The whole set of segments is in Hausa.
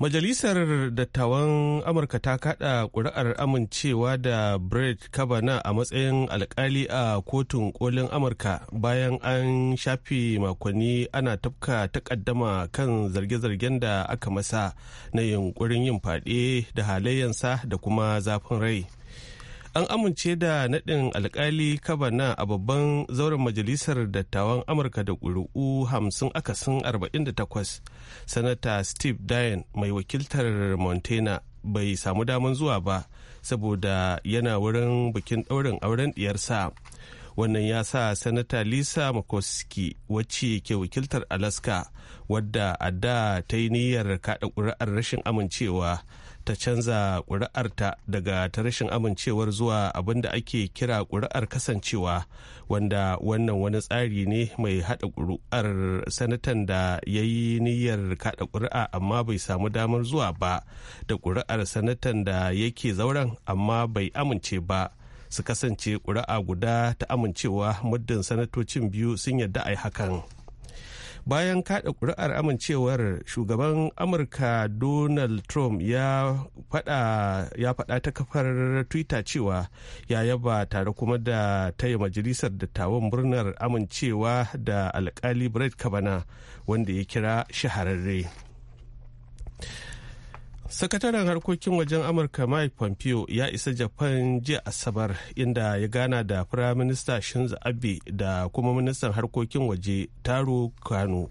Majalisar Dattawan Amurka ta kada ƙuri'ar amincewa da Brett Kavanaugh a matsayin alkali a kotun kolin Amurka bayan an shafe makonni ana tafka takaddama kan zarge-zargen da aka masa na yunkurin yin fade da halayensa da kuma zafin rai. an amince da naɗin alkali kabana a babban zauren majalisar dattawan amurka da ƙuri'u hamsin akasin 48 sanata steve dayan mai wakiltar montana bai samu daman zuwa ba saboda yana wurin bikin ɗaurin auren ɗiyarsa wannan ya sa sanata lisa makoski wacce ke wakiltar alaska wadda a da ta yi niyyar kaɗa ƙuri'ar rashin amincewa ta canza ƙuri'arta daga ta rashin amincewar zuwa abin da ake kira ƙuri'ar kasancewa wanda wannan wani tsari ne mai haɗa ƙuri'ar sanatan da ya yi niyyar kaɗa ƙuri'a amma bai samu damar zuwa ba da ƙuri'ar sanatan da yake zauren amma bai amince ba su kasance ƙuri'a guda ta amincewa muddin sanatocin biyu sun yarda a yi hakan. bayan kada kuri'ar amincewar shugaban amurka donald trump ya fada ta kafar twitter cewa ya yaba tare kuma da taya majalisar dattawan murnar amincewa da alkali brett kavanaugh wanda ya kira shahararre sakataren harkokin wajen amurka mike pompeo ya isa japan jiya asabar inda ya gana da minister shinzo abe da kuma ministan harkokin waje taro kano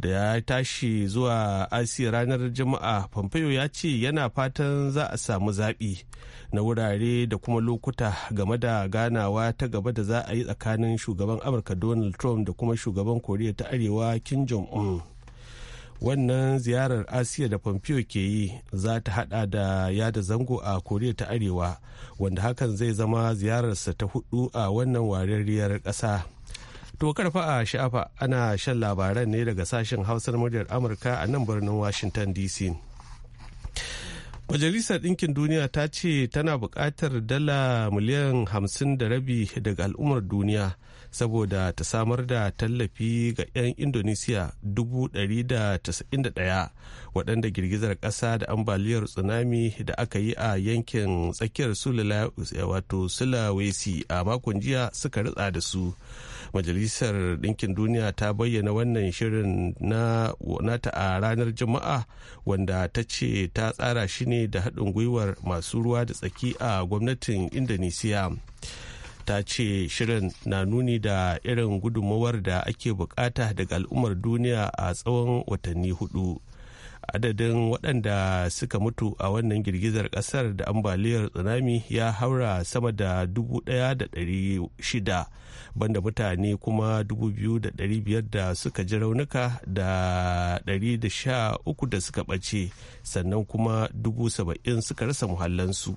da ya tashi zuwa asiya ranar juma'a pompeo ya ce yana fatan za a samu zaɓi na wurare da kuma lokuta game da ganawa ta gaba da za a yi tsakanin shugaban amurka donald trump da kuma shugaban koriya ta arewa kim jong-un wannan ziyarar asiya da pompeo ke yi za ta hada da yada zango a koriya ta arewa wanda hakan zai zama ziyararsa ta hudu a wannan warerriyar ƙasa to karfa a sha'afa ana shan labaran ne daga sashen hausar muryar amurka a nan birnin washington dc majalisar ɗinkin duniya ta ce tana buƙatar dala miliyan hamsin da rabi daga al'ummar duniya saboda ta samar da tallafi ga 'yan indonesiya 191 waɗanda girgizar ƙasa da ambaliyar tsunami da aka yi a yankin tsakiyar sulawesi a makon jiya suka ritsa da su majalisar ɗinkin duniya ta bayyana wannan shirin na nata a ranar juma'a wanda ta ce ta tsara shi ne da haɗin gwiwar masu ruwa da tsaki a gwamnatin indonesiya ta ce shirin na nuni da irin gudunmawar da ake bukata daga al'ummar duniya a tsawon watanni hudu adadin waɗanda suka mutu a wannan girgizar ƙasar da ambaliyar tsunami ya haura sama da 1,600 banda mutane kuma 2,500 da suka ji raunuka da 13 da suka ɓace sannan kuma 70,000 suka rasa muhallansu.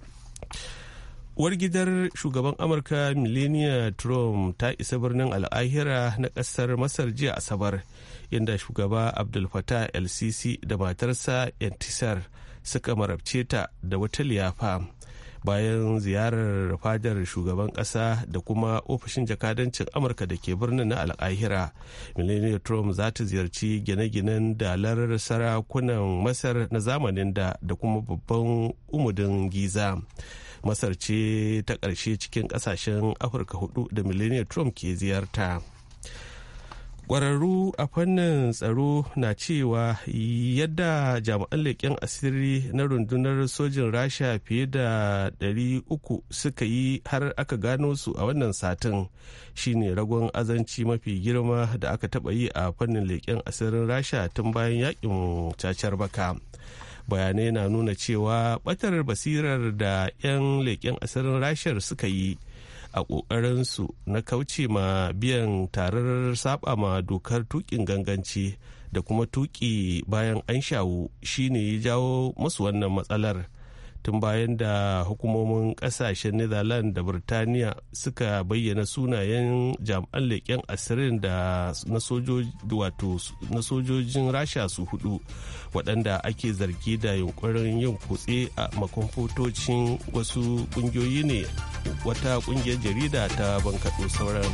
uwar gidar shugaban amurka millennia trump ta isa birnin al'ahira na kasar masar jiya asabar inda shugaba abdul fatah el da matarsa yantisar suka marabce ta da wata liyafa bayan ziyarar fadar shugaban kasa da kuma ofishin jakadancin amurka da ke birnin na al'ahira millennia trump za ta ziyarci gine-ginen dalar sarakunan masar na zamanin da da kuma babban umudin giza masar ce ta ƙarshe cikin ƙasashen afirka hudu da millennial trump ke ziyarta kwararru a fannin tsaro na cewa yadda jami'an leƙen asiri na rundunar sojin rasha fiye da 300 suka yi har aka gano su a wannan satin shine ragon azanci mafi girma da aka taɓa yi a fannin leƙen asirin rasha tun bayan yakin cacar baka bayanai na nuna cewa batar basirar da 'yan leƙen asirin rashar suka yi a ƙoƙarinsu na kauce ma biyan tarar saba ma dokar tukin ganganci da kuma tuki bayan an shawo shine ya jawo masu wannan matsalar tun bayan da hukumomin kasashen netherlands da birtaniya suka bayyana sunayen jami'an leƙen asirin da na sojojin rasha su hudu waɗanda ake zargi da yunkurin yin kutse a makonfotocin wasu ƙungiyoyi ne wata ƙungiyar jarida ta bankaɗo sauran.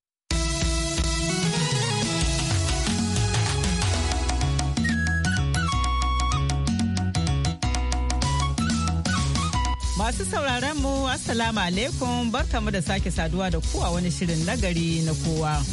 Masu sauraron mu Assalamu alaikum barkamu da sake saduwa da ku wani shirin nagari na kowa.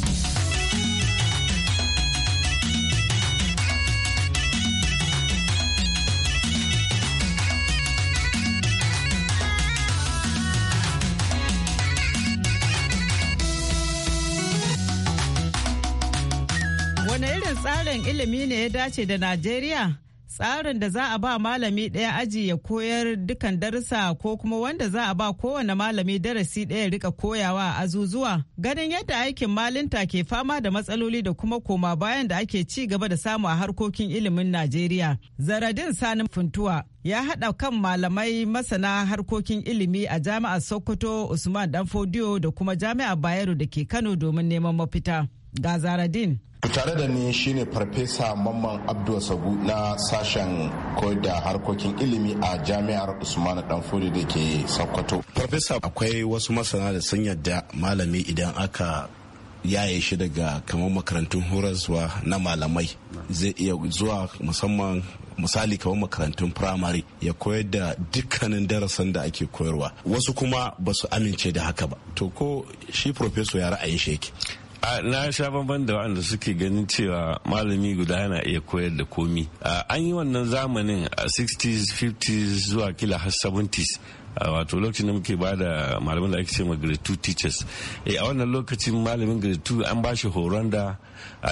Wane irin tsarin ilimi ne ya dace da Najeriya? tsarin da za a ba malami ɗaya aji ya koyar dukan darsa ko kuma wanda za a ba kowane malami darasi ɗaya rika koyawa a azuzuwa ganin yadda aikin malinta ke fama da matsaloli da kuma koma bayan da ake ci gaba da samu a harkokin ilimin najeriya zaradin sani funtuwa ya haɗa kan malamai masana harkokin ilimi a jami'ar sokoto usman danfodiyo da kuma jami'ar bayero da ke kano domin neman mafita ga zaradin tare da ni shine farfesa mamman abdul sabu na sashen koyar da harkokin ilimi a jami'ar usmanu danfodi da ke sokoto farfesa akwai wasu masana da sun yadda malami idan aka yaye shi daga kamar makarantun horaswa na malamai zai iya zuwa musamman misali kamar makarantun firamare ya koyar da dukkanin darasin da ake koyarwa wasu kuma ba su amince da haka ba to ko shi farfeso ya ra'ayin shi yake na sha bamban da waɗanda suke ganin cewa malami guda yana iya koyar da komi an yi wannan zamanin a 60s 50s zuwa kila har 70s wato lokacin da muke ba da malamin da ake ce ma grade 2 teachers eh, a wannan lokacin malamin grade 2 an ba shi horon da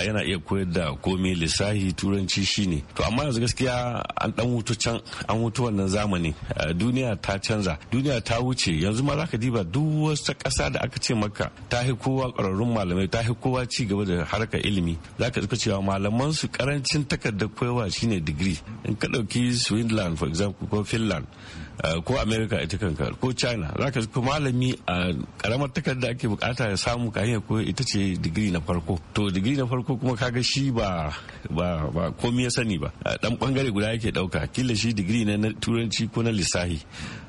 yana iya koyar da komai lissahi turanci shine to amma yanzu gaskiya an dan wuto can an wuto wannan zamani duniya ta canza duniya ta wuce yanzu ma zaka diba duk wata ƙasa da aka ce maka ta hi kowa ƙwararrun malamai ta hi kowa ci gaba da harkar ilimi zaka ka cewa malaman su karancin takardar koyarwa shine digiri in ka ɗauki swindland for example ko finland ko america ita kanka ko china zaka ji malami a karamar takarda ake bukata ya samu kayan koyo ita ce digiri na farko to digiri na farko kuma kaga shi ba ba ba komai ya sani ba dan bangare guda yake dauka kila shi digiri na turanci ko na lissahi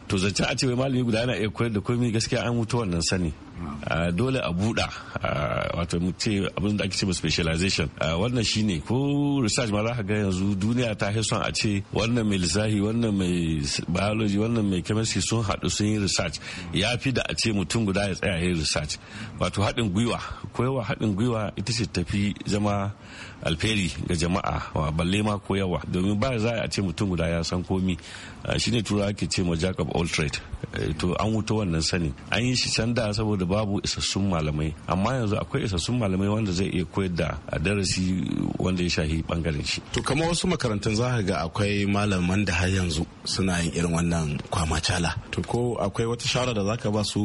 to zance a ce wai malami guda yana iya koyar da komai gaskiya an mutu wannan sani ah. Ah, dole a buɗa ah, wato mu ce abin da ake ce specialization wannan shine ko research ma za ka ga yanzu duniya ta hi son a ce wannan mai lissafi wannan mai biology wannan mai chemistry sun haɗu sun yi research ya fi da a ce mutum guda ya tsaya yin research wato haɗin gwiwa koyarwa haɗin gwiwa ita ce tafi zama alferi ga jama'a balle ma ko yawa domin ba za a ce mutum guda ya san komi ah, shine turawa ke ce ma jacob old trade Eh, to an wuta wannan sani an yi shi can da saboda babu isassun malamai amma yanzu akwai isassun malamai wanda zai iya koyar da darasi wanda ya shahi bangaren shi to kamar wasu makarantun za ga akwai malaman da har yanzu suna yin irin wannan kwamacala to ko akwai wata shawara da zaka ba su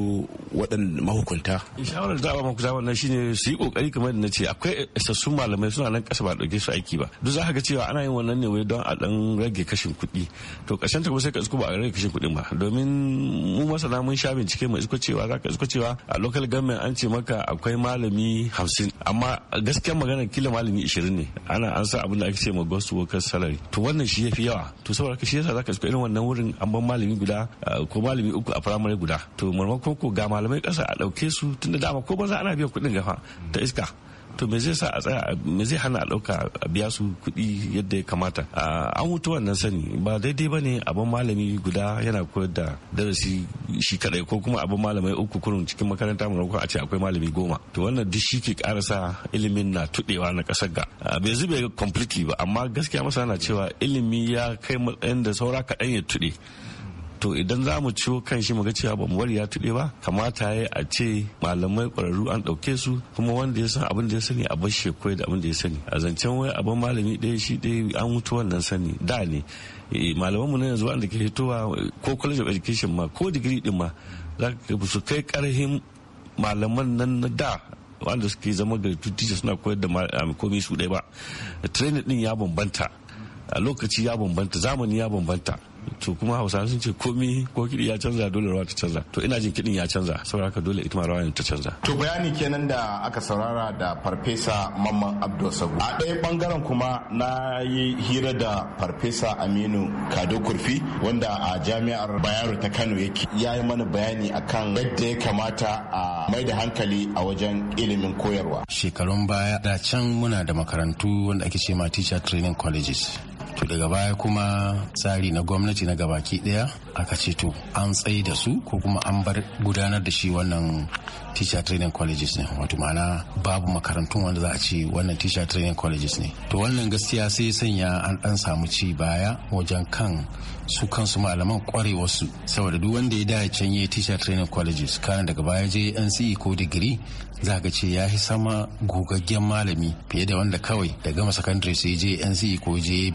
waɗanda mahukunta shawara da ba mahukunta wannan shine su yi kokari kamar da nace akwai isassun malamai suna nan kasa ba dauke su aiki ba duk zaka ga cewa ana yin wannan ne wai don a dan rage kashin kuɗi to ƙarshen ta kuma sai ka ba a rage kashin kuɗin ba domin mu masana mun sha bincike mu isko cewa za ka isko cewa a local government an ce maka akwai malami hamsin amma gaskiyar magana kila malami ishirin ne ana an sa abin da ake ce ma ghost workers salary to wannan shi ya fi yawa to saboda ka shi yasa zaka isko irin wannan wurin an ban malami guda eh, ko malami uku a firamare guda to marmakon ko ga malamai kasa a dauke su tunda dama ko ba za ana biyan kuɗin gafa ta iska to me zai sa a tsaya me zai hana a ɗauka a biya su kuɗi yadda ya kamata an wuta wannan sani ba daidai ba ne abin malami guda yana koyar da darasi shi kadai ko kuma abin malamai uku kurun cikin makaranta mu a ce akwai malami goma to wannan duk shi ke karasa ilimin na tuɗewa na ƙasar ga bai zube completely ba amma gaskiya masana cewa ilimi ya kai matsayin da saura kaɗan ya tuɗe to idan za mu ciwo kan shi mu cewa ba mu bari ya tuɗe ba kamata ya a ce malamai ƙwararru an ɗauke su kuma wanda ya san abin da ya sani a bar shekwai da abin da ya sani a zancen wai abin malami ɗaya shi ɗaya an mutu wannan sani da ne eh, mu na yanzu wanda ke hitowa ko college of education ma ko degree din ma za ka su kai ƙarhin malaman nan na da wanda suke zama ga tutisha suna koyar da um, komi su ɗaya ba training din ya bambanta a lokaci ya bambanta zamani ya bambanta to kuma hausawa sun ce komi ko kiɗi ya canza dole rawa ta canza to ina jin kiɗin ya canza saboda haka dole ita ma rawa ta canza to bayani kenan da aka saurara da farfesa mamman abdul sabu a ɗaya bangaren kuma na yi hira da farfesa aminu kado kurfi wanda a jami'ar bayero ta kano yake ya yi mana bayani akan yadda ya kamata a mai da hankali a wajen ilimin koyarwa shekarun baya da can muna da makarantu wanda ake ce ma teacher training colleges daga baya kuma tsari na gwamnati na gabaki daya aka ce to an tsaye da su ko kuma an bar gudanar da shi wannan teacher training colleges ne wato ma'ana babu makarantun wanda za a ce wannan teacher training colleges ne to wannan gaskiya sai sanya an dan samu ci baya wajen kan su kansu malaman kwarewarsu saboda duk wanda ya dace can yi teacher training colleges kana daga baya je NCE ko digiri za ka ce ya fi sama gogaggen malami fiye da wanda kawai da gama secondary sai je NCE ko je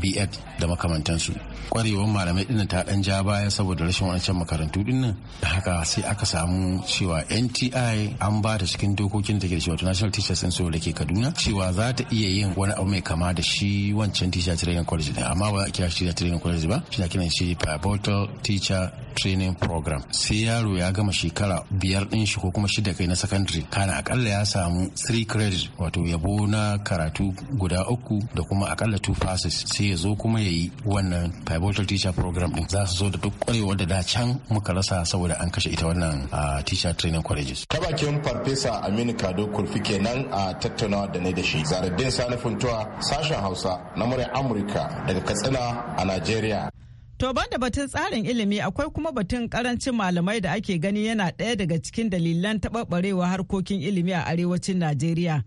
BEd da makamantansu kwarewar malamai dinnan ta dan ja baya saboda rashin wancan makarantu dinnan haka sai aka samu cewa NT e NTI an ba cikin dokokin da ke da wato National Teachers Council da ke Kaduna cewa za ta iya yin wani abu mai kama da shi wancan Teacher Training College amma ba a kira shi Teacher Training College ba shi na kiran shi Pivotal Teacher training program sai yaro ya gama shekara biyar din shi ko kuma shida kai na secondary kana akalla ya samu three credit wato yabo na karatu guda uku da kuma akalla two passes sai ya zo kuma ya yi wannan pivotal teacher program din za su zo da duk kwarewar da da can muka rasa saboda an kashe ita wannan teacher training colleges ta bakin farfesa aminu kado kurfi kenan a tattaunawa da ne da shi zaradin sanufin tuwa sashen hausa na murya amurka daga katsina a nigeria. To banda batun tsarin ilimi akwai kuma batun karancin malamai da ake gani yana ɗaya daga cikin dalilan taɓaɓarewa harkokin ilimi a arewacin Najeriya.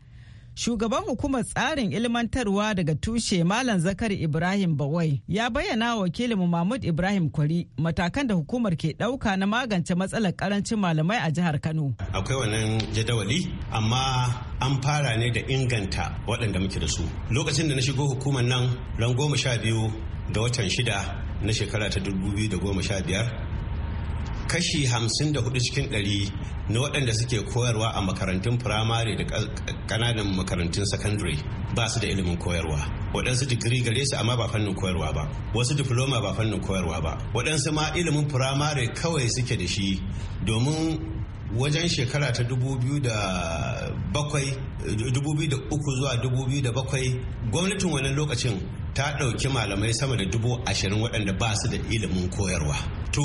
Shugaban hukumar tsarin ilmantarwa daga tushe Malam Zakari Ibrahim Bawai ya bayyana wakilin Mahmud Ibrahim Kwari matakan da hukumar ke ɗauka na magance matsalar karancin malamai a jihar Kano. Akwai wannan jadawali amma an fara ne da inganta waɗanda muke da su. Lokacin da na shigo hukumar nan ran goma sha biyu da watan shida na shekara ta 2015 kashi 54 cikin 100 na waɗanda suke koyarwa a makarantun firamare da ƙananan makarantun secondary. ba su da ilimin koyarwa waɗansu digiri gare su amma ba fannin koyarwa ba wasu diploma ba fannin koyarwa ba waɗansu ma ilimin firamare kawai suke da shi domin wajen shekara ta 2007 zuwa 2007 gwamnatin wannan lokacin ta ɗauki malamai sama da dubu ashirin waɗanda ba su da ilimin koyarwa to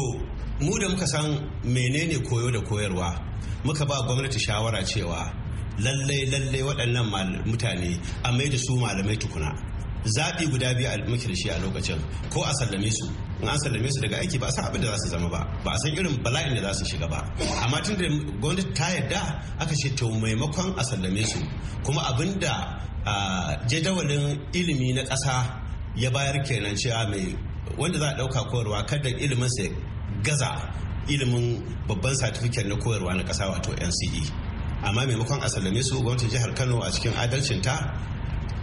mu da muka san menene koyo da koyarwa muka ba gwamnati shawara cewa lallai lallai waɗannan mutane a mai da su malamai tukuna zaɓi guda biyu muke da shi a lokacin ko a sallame su in an sallame su daga aiki ba san abin da za su zama ba ba a san irin bala'in da za su shiga ba amma tun da gwamnati ta yarda aka ce to maimakon a sallame su kuma abin da a jadawalin ilimi na ƙasa ya bayar kenan cewa mai wanda za a ɗauka koyarwa kada ilimin sa gaza ilimin babban satifiket na koyarwa na ƙasa wato nce amma maimakon a sallame su gwamnatin jihar kano a cikin adalcinta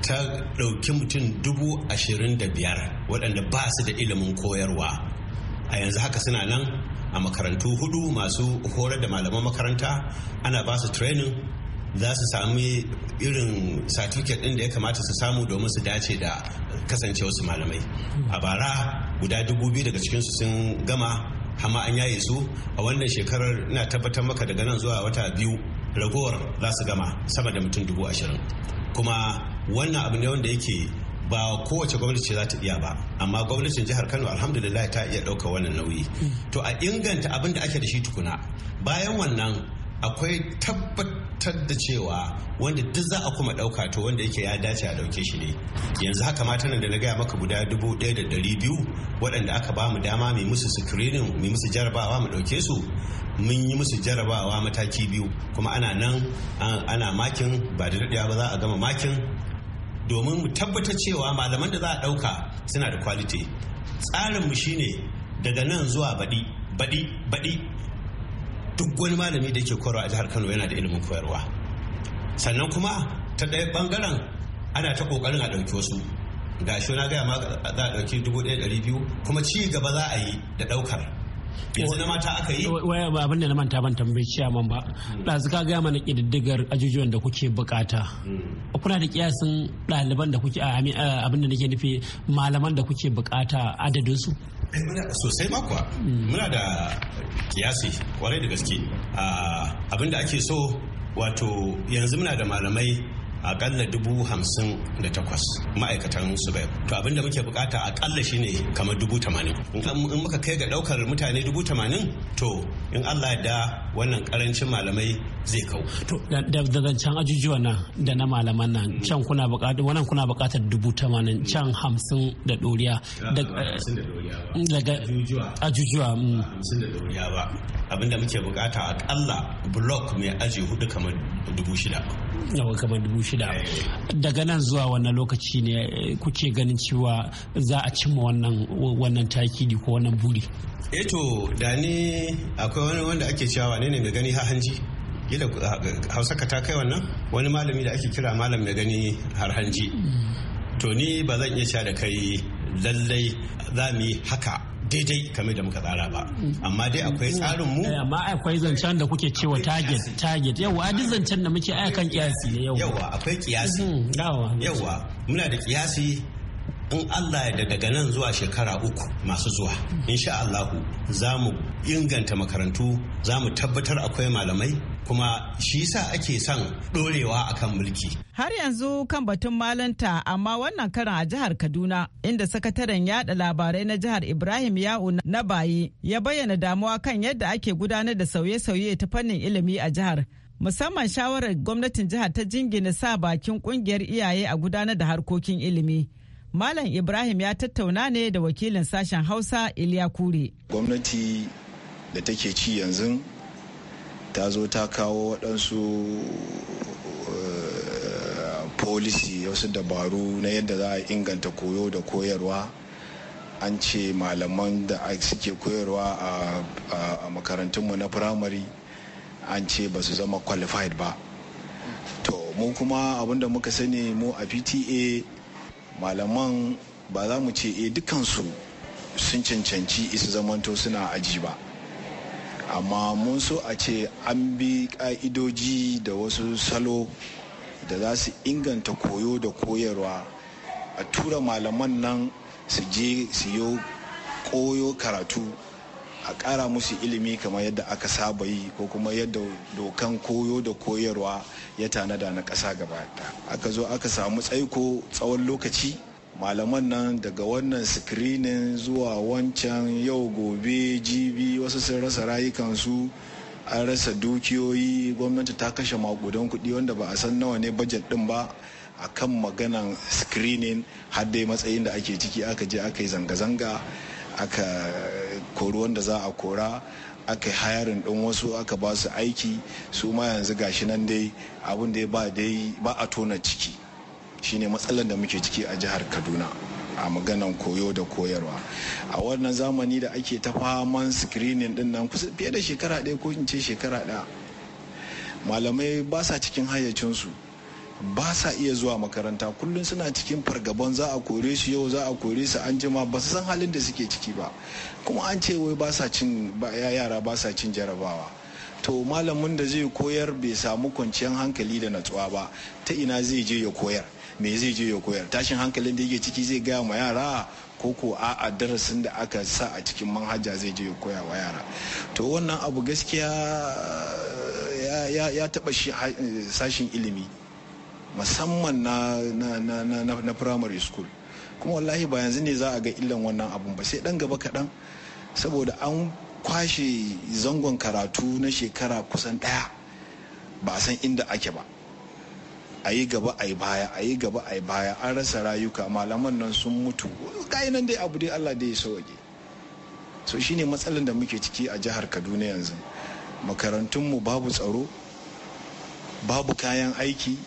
ta ɗauki mutum dubu ashirin da biyar waɗanda ba su da ilimin koyarwa a yanzu haka suna nan a makarantu hudu masu horar da malaman makaranta ana ba su training za su sami irin satifiket din da ya kamata su samu domin su dace da su malamai a bara guda dubu biyu daga cikinsu sun gama hama an yaye su a wannan shekarar ina tabbatar maka daga nan zuwa wata biyu ragowar za su gama sama da mutum dubu ashirin kuma wannan abu ne wanda yake ba kowace gwamnati ce za ta iya ba amma gwamnatin jihar kano alhamdulillah ta iya ɗauka wannan nauyi to a inganta abin da ake da shi tukuna bayan wannan akwai tabbatar da cewa wanda duk za a kuma ɗauka to wanda yake ya dace a ɗauke shi ne yanzu haka nan da na gaya maka guda dubu ɗaya da ɗari biyu waɗanda aka ba mu dama mai musu screening mai musu jarabawa mu ɗauke su mun yi musu jarabawa mataki biyu kuma ana nan ana makin ba da daɗewa ba za a gama makin domin mu tabbatar cewa malaman da za a ɗauka suna da tsarin tsarinmu shine daga nan zuwa baɗi baɗi baɗi duk wani malami da ke koyarwa a jihar kano yana da ilimin koyarwa sannan kuma ta ɗaya ɓangaren ana ta ƙoƙarin a ɗauki wasu ga shi na gaya ma za a ɗauki dubu ɗaya ɗari biyu kuma ci gaba za a yi da ɗaukar yanzu na mata aka yi waya ba abin da na manta ban tambayi ciyaman ba hmm. ɗazu ka gaya mana ƙididdigar ajujuwan da kuke bukata hmm. kuna da kiyasin ɗaliban da kuke abin da nake nufi malaman da kuke bukata adadin su sosai eh, makwa muna da kiyasi hmm. kwarai da gaske abin da ake so wato yanzu muna da malamai akalla dubu hamsin da takwas ma'aikatan su bai to abinda muke bukata akalla shine kamar dubu tamanin in muka kai ga daukar mutane dubu tamanin to in allah da wannan karancin malamai zai kau to daga can ajujuwa nan da na malaman nan mm. can kuna bukatar wannan kuna bukatar dubu tamanin can hamsin da doriya mm, daga ajujuwa mm. hamsin da doriya ba abinda muke bukata akalla blok mai aji hudu kamar dubu shida kamar dubu shida shida daga nan zuwa wannan lokaci ne eh, kuke ganin cewa za a cimma wannan wannan takidi ko wannan buri eto eh da ni akwai wani wanda ake cewa ne ne mai gani ha hanji gida eh, hausa ka ta kai wannan wani malami da ake kira malam mai gani har hanji mm. to ni ba zan iya sha da kai lallai za mu yi haka daidai kame da muka tsara ba amma dai akwai tsarin mu eh, amma akwai zancen da kuke cewa target target yawa duk zancen da muke aya kan kiyasi ne yawa yawa akwai kiyasi hmm, yawa muna da kiyasi in Allah ya daga nan zuwa shekara uku masu zuwa insha Allahu za mu inganta makarantu za mu tabbatar akwai malamai kuma shi sa ake son dorewa akan mulki. Har yanzu kan batun malanta amma wannan karan a jihar Kaduna inda sakataren yada labarai na jihar Ibrahim Ya'u na bayi ya bayyana damuwa kan yadda ake gudanar da sauye-sauye ta fannin ilimi a jihar. Musamman shawarar gwamnatin jihar ta jingina sa bakin kungiyar iyaye a gudanar da harkokin ilimi. Malam Ibrahim ya tattauna ne da wakilin sashen Hausa Iliya Kure. Gwamnati da take ci yanzu ta zo ta kawo waɗansu eh, policy wasu dabaru na yadda za a inganta koyo da koyarwa an ce malaman da suke koyarwa a makarantunmu na firamare an ce ba su zama qualified ba to mu kuma abinda muka sani mu a pta malaman ba za mu ce e eh, dukansu sun cancanci isu zamanto suna aji ba amma mun so a ce an bi ka'idoji da wasu salo da za su inganta koyo da koyarwa a tura malaman nan su je su yi koyo karatu a kara musu ilimi kamar yadda aka saba yi ko kuma yadda dokan koyo da koyarwa ya tanada na ƙasa gaba aka zo aka samu tsaiko tsawon lokaci malaman nan daga wannan screening zuwa wancan yau gobe jibi wasu sun rasa rayukansu an rasa dukiyoyi gwamnati ta kashe makudan kudi wanda ba a san nawa ne budget din ba a kan maganan screening har dai matsayin da ake ciki aka je aka yi zanga-zanga aka kori wanda za a kora aka yi hayarin ɗin wasu aka ba su aiki su ma yanzu gashi nan dai abin da ba a tona ciki shine matsalar da muke ciki a jihar kaduna a maganan koyo da koyarwa a wannan zamani da ake ta faman screening din nan kusa fiye da shekara ɗaya ko in ce shekara ɗaya malamai ba sa cikin hayyacinsu ba sa iya zuwa makaranta kullum suna cikin fargaban za a kore su yau za a kore su an jima ba su san halin da suke ciki ba kuma an ce wai ba sa cin yara ba sa cin jarabawa to malamin da zai koyar bai samu kwanciyar hankali da natsuwa ba ta ina zai je ya koyar me zai je ya koyar tashin hankalin da yake ciki zai gaya ma yara ko ko a darasin da aka sa a cikin manhaja zai je ya koya wa yara to wannan abu gaskiya ya taba shi eh, sashin ilimi musamman na primary school kuma wallahi ba yanzu ne za a ga illan wannan abun ba sai dan gaba kaɗan saboda an kwashe zangon karatu na shekara kusan ɗaya ba a san inda ake ba a yi gaba a yi baya a yi gaba a yi baya an rasa rayuka malaman nan sun mutu nan dai abu dai allah dai ya sauke so shine matsalar da muke ciki a jihar kaduna yanzu makarantunmu babu tsaro babu kayan aiki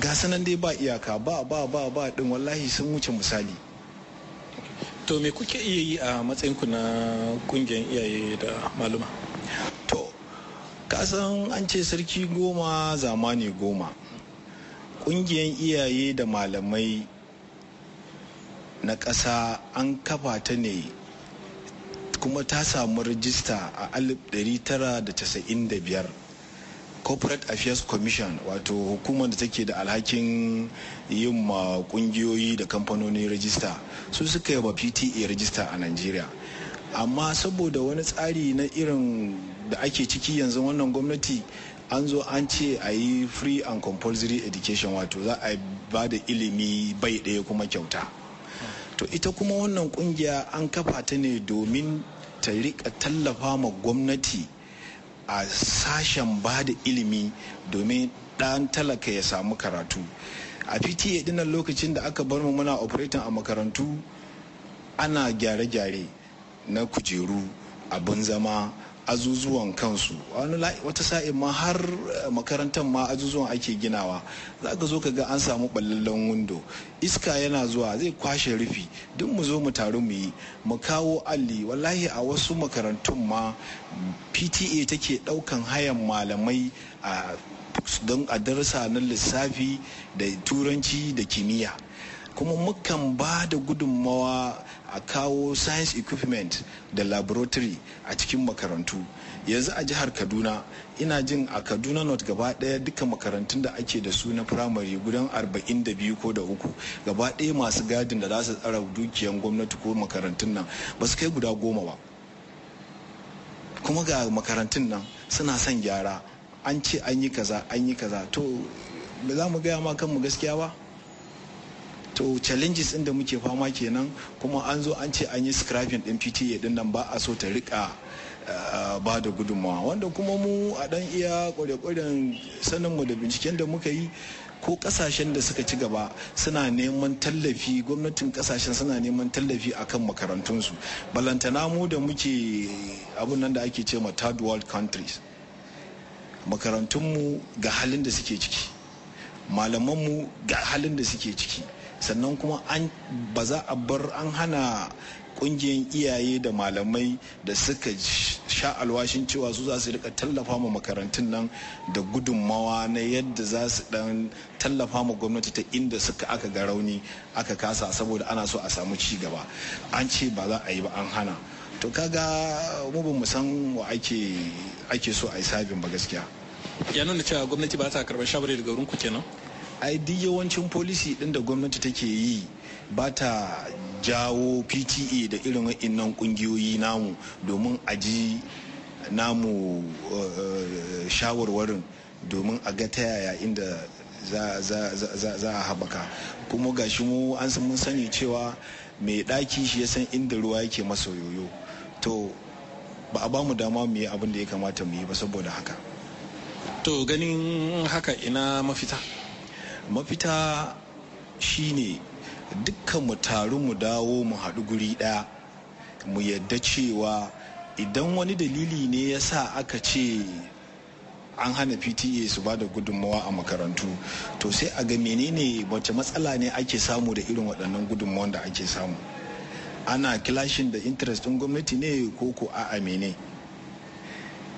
ga sanan dai ba iyaka ba ba ba ba din wallahi sun wuce misali to me kuke iya yi a matsayinku na kungiyar iyaye da maluma to kasan an ce sarki goma zamani goma ƙungiyar iyaye da malamai na ƙasa an kafa ta ne kuma ta samu rajista a 1995 corporate affairs commission wato hukumar da take da alhakin yin ma kungiyoyi da kamfanoni rajista su suka yaba pta rajista a nigeria amma saboda wani tsari na irin da ake ciki yanzu wannan gwamnati an zo an ce a yi free and compulsory education wato za a ba da ilimi bai ɗaya kuma kyauta to ita kuma wannan kungiya an kafa ta ne domin ta rika tallafa ma gwamnati a sashen ba da ilimi domin ɗan talaka ya samu karatu a fiti dinan lokacin da aka bar mu muna operating a makarantu ana gyare-gyare na kujeru abin zama azuzuwan kansu wata sa'in ma har eh, makarantar ma azuzuwan ake ginawa za ka zo ka ga an samu ballallen wundo iska yana zuwa zai kwashe rufi duk mu zo mu taru mu yi mu kawo alli wallahi a wasu makarantun ma pta take daukan hayan malamai a don a darasa na lissafi da turanci da kimiyya kuma mukan ba da gudunmawa a kawo science equipment da laboratory a cikin makarantu yanzu a jihar kaduna ina jin a kaduna north gaba daya duka makarantun da ake da su na primary gudan 42 ko da uku gaba daya masu gadin da za su tsara dukiyan gwamnati ko makarantun nan ba su kai guda goma ba kuma ga makarantun nan suna son gyara an ce an yi kaza an yi kaza to ba za mu gaya ma kanmu gaskiya ba to challenges ɗin da muke fama kenan kuma an zo an ce an yi scraping ɗin pta ɗin nan ba a so ta rika eh, ba da gudunmawa wanda kuma mu a ɗan iya kware sanin mu da binciken da muka yi ko ƙasashen da suka ci gaba suna neman tallafi gwamnatin kasashen suna neman tallafi akan makarantunsu balantana mu da muke abun nan da ake ce ma third world countries makarantunmu ga halin da suke ciki malamanmu ga halin da suke ciki sannan kuma an ba za a bar an hana kungiyar iyaye da malamai da suka sha alwashin cewa su za su rika tallafa ma makarantun nan da gudunmawa na yadda za su dan tallafa ma gwamnati ta inda suka aka ga rauni aka kasa saboda ana so a samu ci gaba an ce ba za a yi ba an hana to kaga mu ba mu san wa ake ake so a yi sabin ba gaskiya ya nuna cewa gwamnati ba ta karɓar shawari daga wurin ku kenan ai duk yawancin policy din da gwamnati take yi ba ta jawo pta da irin wa'innan kungiyoyi namu domin a ji namu eh, eh, shawarwarin domin a ga ta yaya inda za a haɓaka kuma ga shi mu an mun sani cewa mai ɗaki shi ya san inda ruwa yake masa yoyo to ba a bamu dama mu yi abin da ya kamata mu yi ba saboda haka to ganin haka ina mafita mafita shine dukkan mu taru mu dawo mu haɗu guri ɗaya mu yadda cewa idan wani dalili ne ya sa aka ce an hana pta su ba da gudunmawa a makarantu to sai a ga menene wace matsala ne ake samu da irin waɗannan gudunmawan da ake samu ana kilashin da interest ɗin gwamnati ne ko ko a'a mene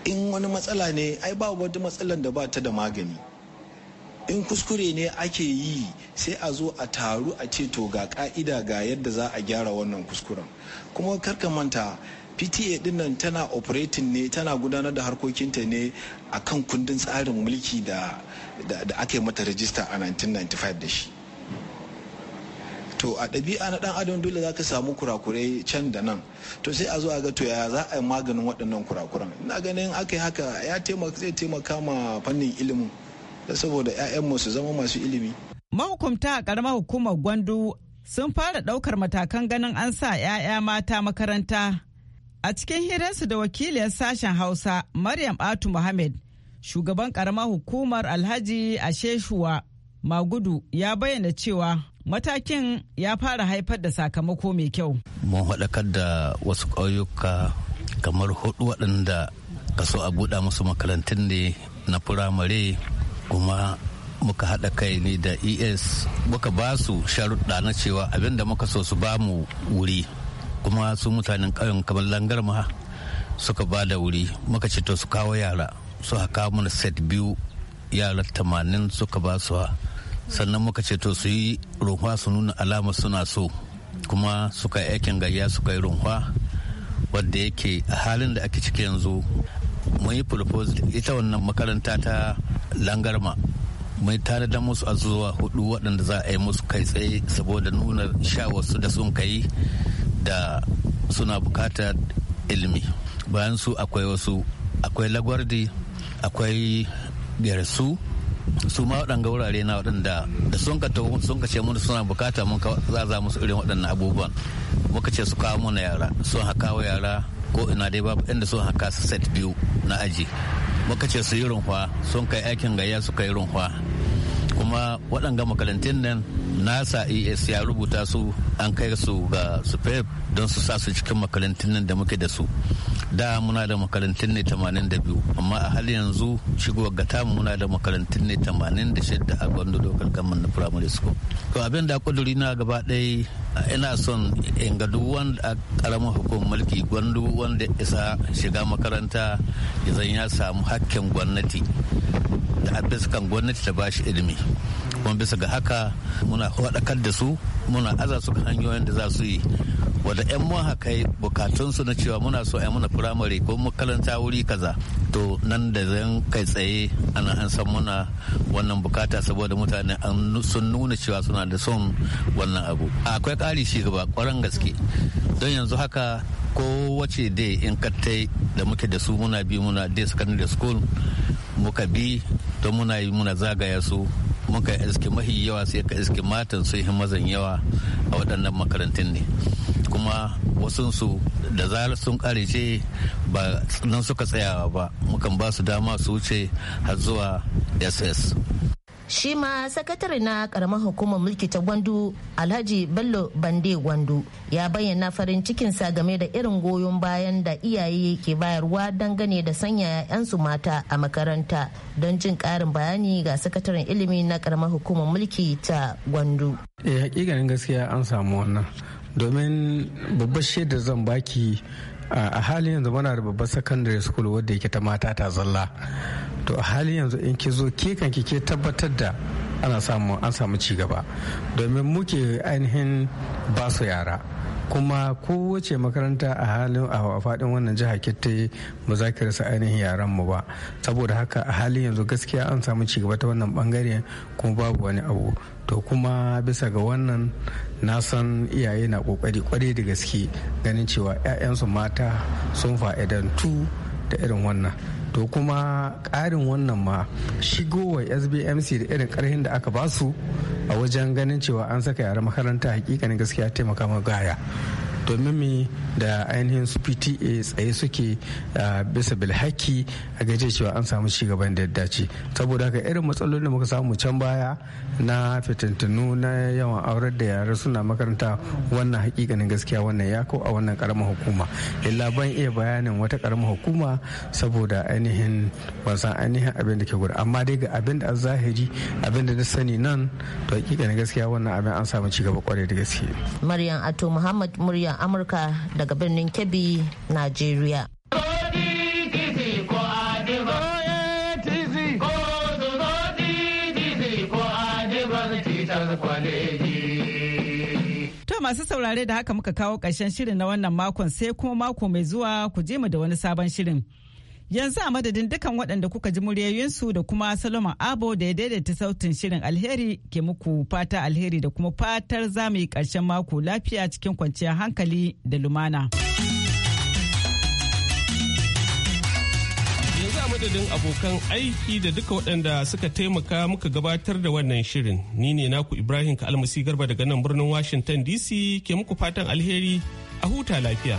in wani matsala ne ai ba wata matsalan da ba ta da magani in kuskure ne ake yi sai a zo a taru a ce to ga ka'ida ga yadda za a gyara wannan kuskuren kuma karka manta pta din nan tana operating ne tana gudanar da harkokinta ne a kan kundin tsarin mulki da aka yi mata rajista a 1995 da shi to a ɗabi'a na ɗan adam dole za ka samu kurakurai can da nan to sai a zo a ga to ya za a yi maganin waɗannan kurakuran ina ganin aka yi haka ya taimaka zai taimaka ma fannin ilimin da saboda 'ya'yanmu su zama masu ilimi. Mahukumta a ƙaramar hukumar Gwandu sun fara ɗaukar matakan ganin an sa 'ya'ya mata makaranta. A cikin hirarsu da wakiliyar sashen Hausa, Maryam Atu Muhammad, shugaban ƙaramar hukumar Alhaji Asheshuwa Magudu ya bayyana cewa matakin ya fara haifar da sakamako mai kyau. Mun haɗakar da wasu ƙauyuka kamar hudu waɗanda kaso a buɗa musu makarantun ne na firamare kuma muka haɗa kai ne da es muka ba su sharuɗa na cewa abin da muka so su ba mu wuri kuma su mutanen ƙauyen kamar langarma suka ba da wuri muka ce to su kawo yara su haka mana set biyu yara tamanin suka ba su sannan muka ce to su yi runwa su nuna alama suna so kuma suka yi aikin gayya suka yi runwa wadda yake a halin da ake ciki yanzu mun yi proposal ita wannan makaranta ta langarma mai tare da musu azuwa hudu waɗanda za a yi musu kai tsaye saboda nuna shawarsu da sun kai da suna bukatar ilimi bayan su akwai wasu akwai lagwardi akwai gersu su ma waɗanga wurare na waɗanda da sun ka sun ka ce mun suna bukata mun ka za za musu irin waɗannan abubuwan muka ce su kawo mana yara sun haka wa yara ko ina dai babu inda sun haka su set biyu na aji muka ce su yi rumfa sun kai aikin gayya suka yi rumfa kuma waɗanga makarantun nan nasa es ya rubuta su an kai su ga supep don su sa su cikin makarantun nan da muke da su da muna da makarantun ne 82 amma a hali yanzu shigowar gata muna da makarantun ne 86 a gwamnati local government primary school to abin da kuduri na gaba ɗaya ina son in ga duk wanda a karamin hukumar mulki gwandu wanda isa shiga makaranta idan ya samu hakkin gwamnati a bisa kan gwamnati ta bashi ilimi kuma bisa ga haka muna faɗakar da su muna aza su hanyoyin da za su yi wadda 'yan mun haka bukatunsu na cewa muna so a muna firamare ko makaranta wuri kaza to nan da zan kai tsaye ana an san muna wannan bukata saboda mutane sun nuna cewa suna da son wannan abu akwai ƙari shi gaba ƙwaron gaske don yanzu haka kowace dai in kattai da muke da su muna bi muna dai secondary school muka bi don muna yi muna zagaya su muka iske mahi yawa sai ka iske matan sun yi mazan yawa a waɗannan makarantun ne kuma wasunsu da zarar sun ce ba nan suka tsayawa ba mukan ba su dama su wuce har zuwa ss shi ma sakatare na karamar hukumar mulki ta gwandu alhaji bello bande gwandu ya bayyana farin cikinsa game da irin goyon bayan da iyaye ke bayarwa dangane da sanya 'yansu mata a makaranta don jin karin bayani ga sakataren ilimi na karamar hukumar mulki ta gwandu eh hakikanin gaskiya an samu wannan domin babbar shaidar zan baki a halin yanzu muna da babbar secondary school wadda yake ta mata ta zalla to a halin yanzu in ki zo ke kanki ke tabbatar da ana samu an samu ci gaba domin muke ainihin ba su yara kuma kowace makaranta a halin a faɗin wannan jiha kitte mu za rasa ainihin yaran mu ba saboda haka a halin yanzu gaskiya an samu ci gaba ta wannan bangare kuma babu wani abu to kuma bisa ga wannan na san iyaye na kokari kwarai da gaske ganin cewa 'ya'yansu mata sun fa'idantu da irin wannan to kuma ƙarin wannan ma shigowa sbmc da irin ƙarfin da aka basu a wajen ganin cewa an saka yara makaranta hakikanin gaskiya taimaka gaya domin mi da ainihin su pta tsaye suke bisa bilhaki a gaje cewa an samu cigaban da ya dace saboda haka irin matsalolin da muka samu can baya na fitintunu na yawan aurar da yara suna makaranta wannan hakikanin gaskiya wannan ya ko a wannan karamar hukuma illa ban iya bayanin wata karamar hukuma saboda ainihin ban san ainihin abin da ke gudu amma dai ga abin da zahiri abin da na sani nan to hakikanin gaskiya wannan abin an samu cigaba kwarai da gaske maryam ato muhammad murya sashen Amurka daga birnin Kebbi, Najeriya. To masu saurare da haka muka kawo ƙarshen shirin na wannan makon sai kuma mako mai zuwa ku je mu da wani sabon shirin. Yanzu a madadin dukan waɗanda kuka ji muryoyinsu da kuma Solomon Abo da ya daidaita sautin shirin alheri ke muku fata alheri da kuma fatar za mu yi ƙarshen mako lafiya cikin kwanciyar hankali da lumana. Yanzu a madadin abokan aiki da duka waɗanda suka taimaka muka gabatar da wannan shirin. Ni ne naku Ibrahim Kalmasi Garba daga nan birnin Washington DC ke muku fatan alheri a huta lafiya.